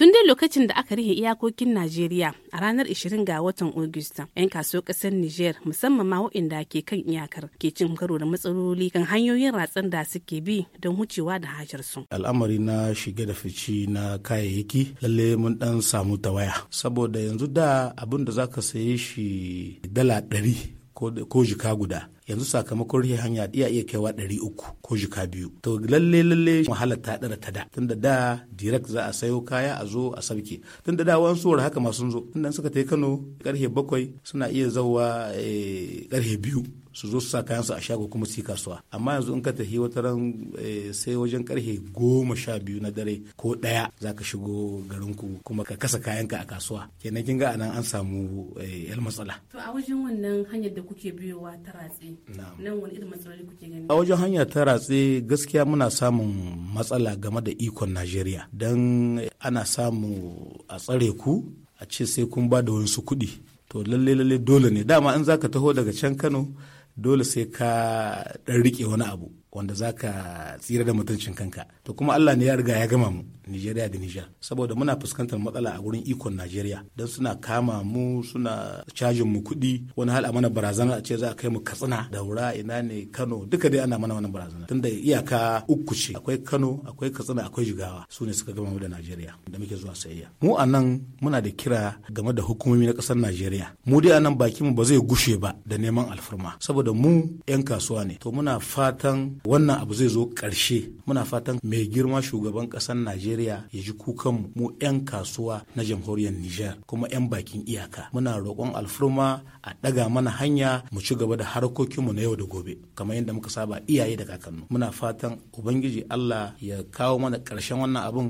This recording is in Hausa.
Tun dai lokacin da aka rihe iyakokin Najeriya a ranar 20 ga watan ogusta 'yan kasuwar ƙasar Nijar musamman ma waɗanda ke kan iyakar ke cin karo da matsaloli kan hanyoyin ratsan da suke bi don wucewa da hajar su. Al'amari na shige da fici na kayayyaki lalle mun dan samu ta waya. Saboda yanzu da abin da zaka sayi shi dala ɗari ko jika guda. yanzu sakamakon rufe hanya iya iya kaiwa ɗari uku ko jika biyu to lalle lalle wahalar ta ɗara ta da tunda da direct za a sayo kaya a zo a sabke tunda da wani tsohuwar haka masu zo tunda suka tai kano karfe bakwai suna iya zauwa eh, karfe biyu su zo su sa kayan su a shago kuma su yi kasuwa amma yanzu in ka tafi wata ran eh, sai wajen karfe goma sha biyu na dare ko ɗaya za ka shigo garin ku kuma ka kasa kayanka a kasuwa kenan kin ga anan an samu eh, yar matsala. to a wajen wannan hanyar da kuke biyowa ta ratse nan wani irin matsaloli kuke gani. a wajen hanya ta ratse gaskiya muna samun matsala game da ikon najeriya don ana samu a tsare ku a ce sai kun ba da wasu kuɗi to lalle lalle dole ne dama in zaka taho daga can kano dole sai ka ɗan riƙe wani abu wanda za ka tsira da mutuncin kanka to kuma Allah ne ya riga ya gama mu Nijeriya da Nijar saboda muna fuskantar matsala a wurin ikon Najeriya don suna kama mu suna cajin mu kuɗi wani hal a mana barazana a ce za a kai mu Katsina Daura ina ne Kano duka dai ana mana wani barazana tunda iyaka uku ce akwai Kano akwai Katsina akwai Jigawa su ne suka gama mu da Najeriya da muke zuwa sayayya mu a nan muna da kira game da hukumomi na kasar Najeriya mu dai a nan bakin mu ba zai gushe ba da neman alfarma saboda mu 'yan kasuwa ne to muna fatan wannan abu zai zo ƙarshe muna fatan mai girma shugaban ƙasar najeriya ya ji kukanmu mu 'yan kasuwa na jamhuriyar niger kuma 'yan bakin iyaka muna roƙon alfurma a ɗaga mana hanya mu ci gaba da harkokinmu na yau da gobe kamar yadda muka saba iyaye da kakannu muna fatan ubangiji allah ya kawo mana ƙarshen wannan abun